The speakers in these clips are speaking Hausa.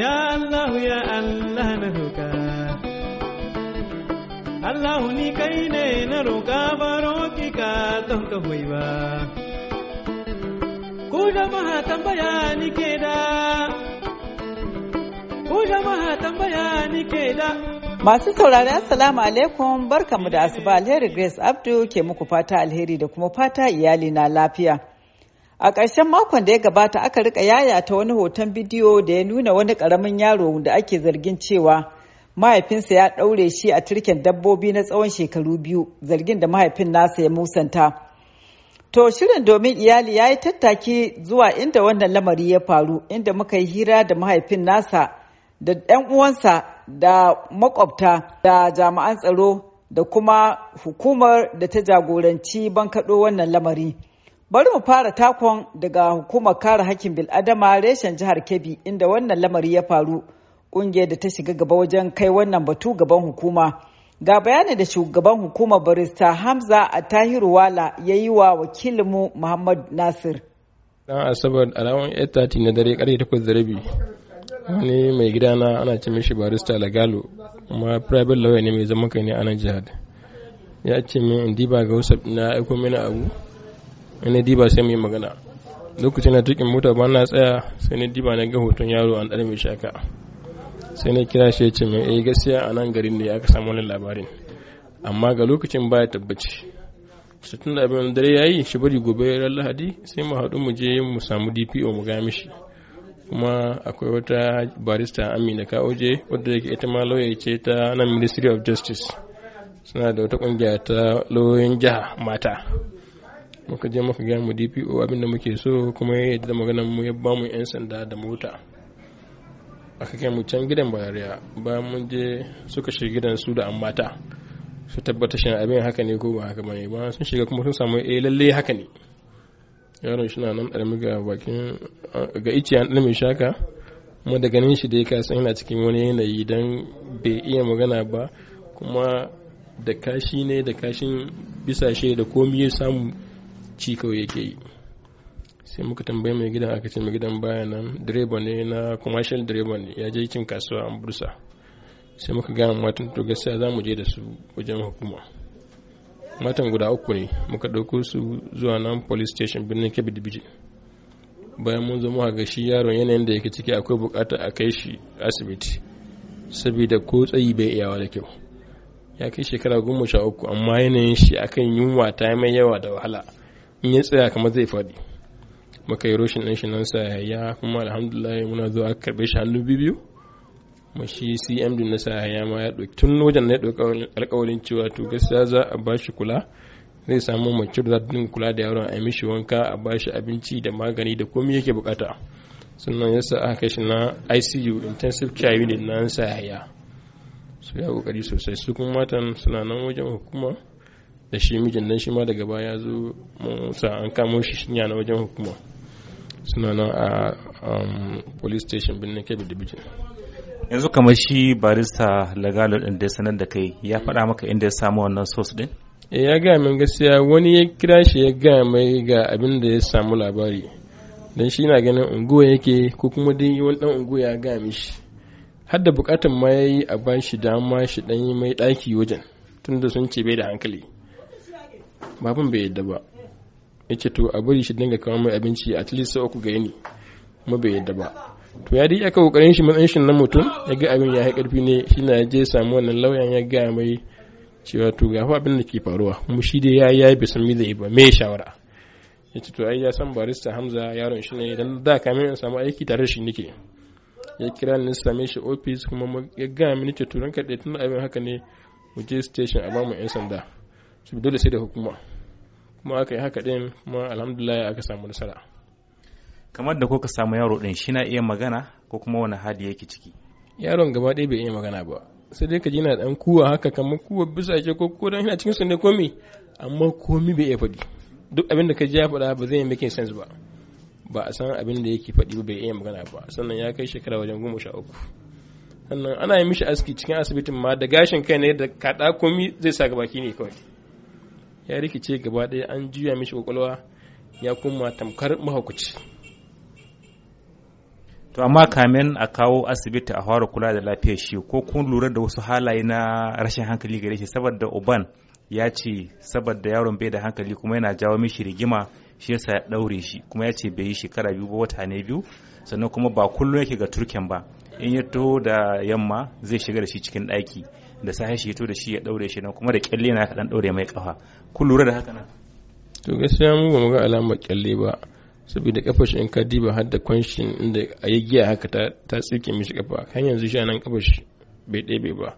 Ya Allah ya Allah na roka Allah ni kai ne na roka baro ki ka don ka hoyi ba Ku jama'a tambaya ni ke da Ku jama'a tambaya ni ke da Masu saurari Assalamu alaikum barkamu da asuba alheri Grace Abdu ke muku fata alheri da kuma fata iyali na lafiya. A ƙarshen makon da ya gabata aka rika ta wani hoton bidiyo da ya nuna wani ƙaramin yaro da ake zargin cewa mahaifinsa ya ɗaure shi a turken dabbobi na tsawon shekaru biyu zargin da mahaifin nasa ya musanta. To shirin domin iyali ya yi tattaki zuwa inda wannan lamari ya faru inda muka yi hira da mahaifin nasa da 'yan uwansa da makwabta da jami'an tsaro da kuma hukumar da ta jagoranci bankaɗo wannan lamari. Bari mu fara takon daga hukumar kare hakkin bil'adama reshen jihar Kebbi inda wannan lamari ya faru. Ƙungiyar da ta shiga gaba wajen kai wannan batu gaban hukuma. Ga bayani da shugaban hukumar barista Hamza a Tahiru Wala ya yi wa wakilinmu Muhammad Nasir. Dan Asabar ranar 8:30 na dare ƙarfe 8 da rabi. Wani mai gidana ana ce mishi barista Lagalo, kuma private lawyer ne mai zama kai ne a nan jihar. Ya ce min in diba ga wasu na aiko mini abu. ne diba sai mu yi magana lokacin da tukin mota ba na tsaya sai na diba na ga hoton yaro an ɗan mai shaka sai na kira shi ya ce mai eh gaskiya a nan garin ne aka samu wani labarin amma ga lokacin baya tabbaci su tun da abin dare ya yi shi bari gobe ran lahadi sai mu haɗu mu je mu samu dpo mu ga mishi kuma akwai wata barista amina je wadda yake ita ma lauya ce ta nan ministry of justice suna da wata kungiya ta lauyoyin jiha mata muka je muka gaya mu dpo abinda muke so kuma ya yadda maganar mu ya ba mu yan sanda da mota aka kai mu can gidan bayariya bayan mun je suka shiga gidan su da an mata su tabbata shin abin haka ne ko ba haka bane ba sun shiga kuma sun samu eh lalle haka ne yaron shi na nan ɗarmi ga bakin ga ice an ɗarmi shaka kuma da ganin shi da ya kasan yana cikin wani yanayi don bai iya magana ba kuma da kashi ne da kashin bisashe da komi ya samu ci kawai yake yi sai muka tambayi mai gidan aka ce mai gidan baya nan direba ne na commercial direba ne ya je cin kasuwa a bursa sai muka gaya matan to gaskiya za mu je da su wajen hukuma matan guda uku ne muka ɗauko su zuwa nan police station birnin kebbi dibiji bayan mun zo muka ga shi yaron yanayin da yake ciki akwai bukata a kai shi asibiti saboda ko tsayi bai iyawa da kyau ya kai shekara goma sha uku amma yanayin shi akan yunwa ta mai yawa da wahala in ya tsaya kamar zai faɗi muka yi roshin ɗan sa ya kuma alhamdulillah muna zuwa aka karɓe shi hannu biyu mu shi cm din na ya ma ya ɗauki tun wajen na ya ɗauki alƙawarin cewa to gaskiya za a ba shi kula zai samu mace da din kula da yaron a mishi wanka a ba shi abinci da magani da komai yake bukata sannan ya sa aka kai shi na icu intensive care unit na sahaya su ya kokari sosai su kuma matan suna nan wajen hukuma da shi mijin nan shi ma daga baya zo sa an kamo shi shinya na wajen hukuma suna nan a um, police station birnin kebbi da bijin yanzu kamar shi barista lagalo din da sanar da kai ya faɗa maka inda ya samu wannan source din eh, ya gaya min gaskiya wani ya kira shi ya gaya mai ga abin da ya samu labari don shi na ganin unguwa yake ko kuma dai wani dan unguwa ya gaya mishi har da bukatan ma ya yi a ba shi dama shi dan yi mai ɗaki wajen tunda sun ce bai da hankali baban bai yadda ba ya ce to a bari shi dinga kawo mai abinci at least sau uku ga yini kuma bai yadda ba to ya dai aka kokarin shi matsayin shi na mutum ya ga abin ya karfi ne shi na je samu wannan lauyan ya ga mai cewa to ga fa abin da ke faruwa mu shi dai ya yi yayi bismi zai ba. me shawara ya ce to ai ya san barista Hamza yaron shi ne dan da kamin in samu aiki tare shi nake ya kira ni same shi office kuma ya ga mini ce turanka da tun abin haka ne mu je station a ba mu yan sanda su dole sai da hukuma kuma aka yi haka din kuma alhamdulillah aka samu nasara kamar da kuka samu yaro din shi na iya magana ko kuma wani hali yake ciki yaron gaba ɗaya bai iya magana ba sai dai ka ji na dan kuwa haka kamar kuwa bisa ce ko ko dan yana cikin sunne komi amma komi bai iya faɗi duk abin da ka ji ya faɗa ba zai yi sense ba ba a san abin da yake faɗi ba bai iya magana ba sannan ya kai shekara wajen goma sha uku sannan ana yi mishi aski cikin asibitin ma da gashin kai ne da kaɗa komi zai sa baki ne kawai ya rikice gaba ɗaya an juya mishi kwakwalwa ya kuma tamkar mahaukaci to amma kamin a kawo asibiti a fara kula da lafiyar shi ko kun lura da wasu halaye na rashin hankali gare shi saboda uban ya ce saboda yaron bai da hankali kuma yana jawo mishi rigima shi yasa ya daure shi kuma ya ce bai yi shekara biyu ba wata ne biyu sannan kuma ba kullum yake ga turken ba in ya taho da yamma zai shiga da shi cikin ɗaki da sahi shi to da shi ya daure shi nan kuma da kyalle na kaɗan daure mai kafa kun lura da haka nan to gaskiya mu ba mu ga alamar kyalle ba saboda kafar shi in ka diba har da kwanshin inda ya giya giya haka ta tsike mishi kafa kan yanzu shi nan kafar shi bai ɗebe ba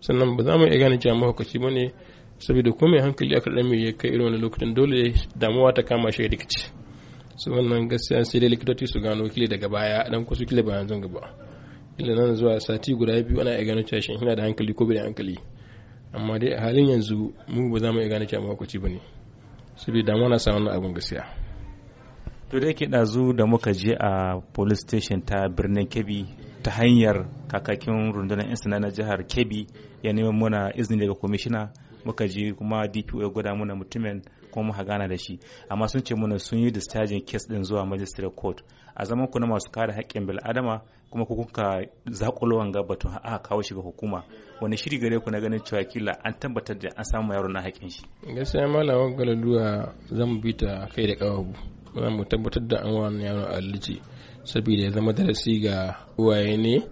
sannan ba za mu iya gane cewa mahaukaci ba ne saboda kuma mai hankali aka ɗan ya kai irin wani lokacin dole damuwa ta kama shi rikici su wannan gaskiya sai dai likitoci su gano kile daga baya dan kusa kile ba yanzu gaba da nan zuwa sati guda biyu ana iya gano cewa da hankali ko bai da hankali amma dai a halin yanzu mu ba za mu iya gano cewa makwaci ba ne saboda muna sa wannan abin gaskiya to da ke ɗazu da muka je a police station ta birnin kebbi ta hanyar kakakin rundunar 'yan sanda jihar kebbi ya neman muna izini daga kwamishina muka je kuma dpo ya gwada muna mutumin kuma muka gana da shi amma sun ce mana sun yi discharging case din zuwa magistrate court a zaman ku na masu kare haƙƙin bil'adama kuma ku kuka zakulowan ga batun a kawo shi ga hukuma wani shiri gare ku na ganin cewa kila an tabbatar da an samu yaro na haƙƙin shi gaskiya malamin galaduwa zan bi ta kai da kawabu muna mu tabbatar da an wani yaro a alici saboda ya zama darasi ga uwaye ne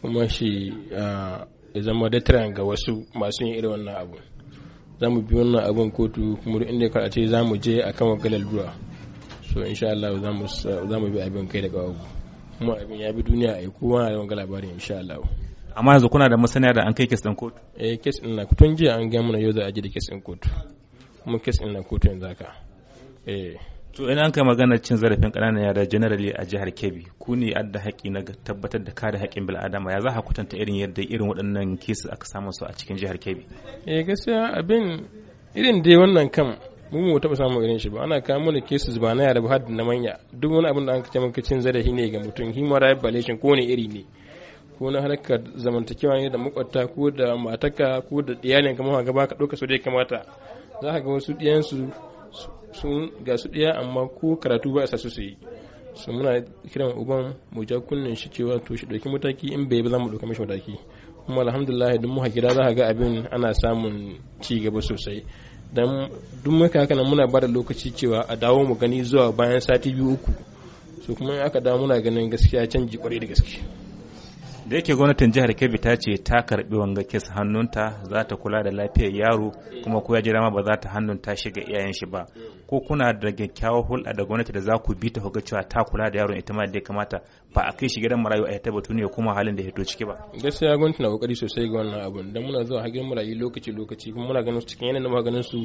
kuma shi ah, ya zama dataran ga wasu masu yin irin wannan abu za mu bi wannan abin kotu kuma duk inda ya karace za mu je a kama wakalar duwa so insha Allah za mu bi abin kai da kawo kuma abin ya bi duniya a yi kowa da wanga labarin insha Allah amma yanzu kuna da masaniya da an kai kes din kotu eh kes din na tun jiya an ga mana yau za a je da kes din kotu kuma kes din na kotu yanzu haka eh to ina an kai magana cin zarafin ƙananan yara generally a jihar kebbi ku ne adda haƙi na tabbatar da kare haƙƙin bil'adama ya za a kwatanta irin yadda irin waɗannan kesu aka samu su a cikin jihar kebbi eh gaskiya abin irin dai wannan kam mu mu taɓa samu irin shi ba ana kawo mana kesu ba na yara ba har na manya duk wani abin da an kace maka cin zarafi ne ga mutum human rights violation ko ne iri ne ko na harkar zamantakewa ne da makwabta ko da mataka ko da iyalin kamar ka gaba ka ɗauka so da ya kamata za ka ga wasu ɗiyansu sun ga su ɗaya amma ko karatu ba a su su yi su muna kiran uban mu ja kunnen shi cewa to shi ɗauki mataki in bai ba za mu ɗauka mataki kuma alhamdulillah duk muka gida za ka ga abin ana samun ci gaba sosai dan duk muka haka nan muna bada lokaci cewa a dawo mu gani zuwa bayan sati biyu uku so kuma in aka dawo muna ganin gaskiya canji kwarai da gaske da yake gwamnatin jihar kebbi ta ce ta karbi wanga kes hannunta za ta kula da lafiyar yaro kuma ko ya jira ma ba za ta hannunta shi ga iyayen shi ba ko kuna da kyakkyawar hulɗa da gwamnati da za ku bi ta ga cewa ta kula da yaron ita ma da ya kamata ba a kai shi gidan marayu a ta batu ne kuma halin da ya to ciki ba gaskiya gwamnati na kokari sosai ga wannan abun dan muna zuwa hagen marayu lokaci lokaci kuma muna ganin cikin yanayin da ganin su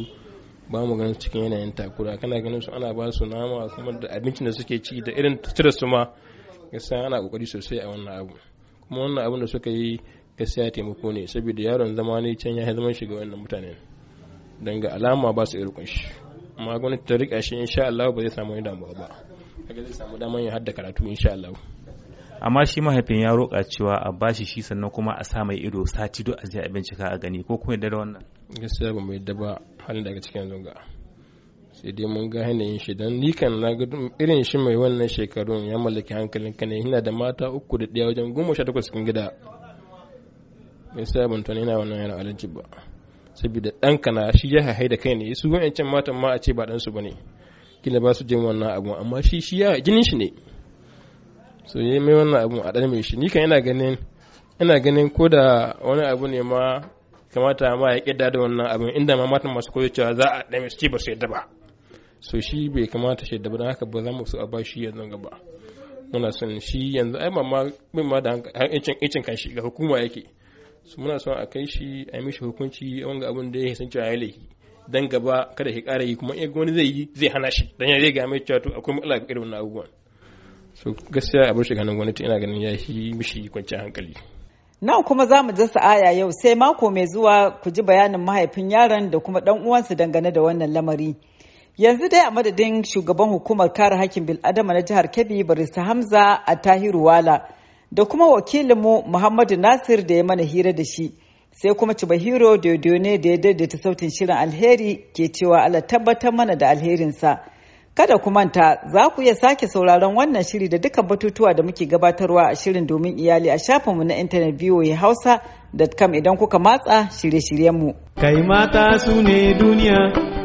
ba mu ganin cikin yanayin takura kana ganin su ana ba su nama kuma da abincin da suke ci da irin cire su ma gaskiya ana kokari sosai a wannan abu kuma wannan abin da suka yi gaskiya taimako ne saboda yaron zama ne can ya zama shiga wannan mutanen don ga alama ba su irkun shi amma gwani ta rika shi insha Allah ba zai samu wani damuwa ba kaga zai samu damar yin hadda karatu insha Allah amma shi mahaifin ya roƙa cewa a bashi shi sannan kuma a sa mai ido sati duk a je a bincika a gani ko kuma yadda da wannan gaskiya ba mu yadda ba halin daga cikin zunga sai dai mun ga yanayin shi dan ni na ga irin shi mai wannan shekarun ya mallaki hankalin ka ne yana da mata uku da ɗaya wajen goma sha takwas cikin gida mai sabon tuni yana wannan yana alaji ba saboda ɗan na shi ya haihai da kai ne su wa'ancan matan ma a ce ba ɗansu ba ne kila ba su jin wannan abu amma shi shi ya jinin shi ne so yi mai wannan abu a ɗan mai shi ni kan yana ganin ganin ko da wani abu ne ma kamata ma ya ƙidda da wannan abin inda ma matan masu koyo cewa za a ɗan su ce ba su yadda ba so shi bai kamata shi dabar haka ba za mu so a ba shi yanzu gaba muna son shi yanzu ai mamma bin ma da hancin icin shi ga hukuma yake su muna son a kai shi a yi mishi hukunci wanga abin da ya san cewa ya laifi dan gaba kada ya kara yi kuma in wani zai yi zai hana shi dan ya zai ga mai cewa to akwai matsala ga irin wannan abubuwan so gaskiya a bar shi ganin gwamnati ina ganin ya yi mishi kwanciyar hankali Nan kuma za mu jasa aya yau sai mako mai zuwa ku ji bayanin mahaifin yaron da kuma dan uwansa dangane da wannan lamari. Yanzu dai a madadin shugaban hukumar kare hakkin bil'adama na jihar Kebbi Barista Hamza a Tahiru Wala da kuma wakilinmu Muhammadu Nasir da ya mana hira da shi. Sai kuma Cibahiro ne da ya daidaita sautin shirin alheri ke cewa Allah tabbatar mana da alherinsa. Kada ku manta za ku iya sake sauraron wannan shiri da dukkan batutuwa da muke gabatarwa a shirin domin iyali a shafinmu na intanet ya kam idan kuka matsa shirye-shiryenmu. Kai mata su ne duniya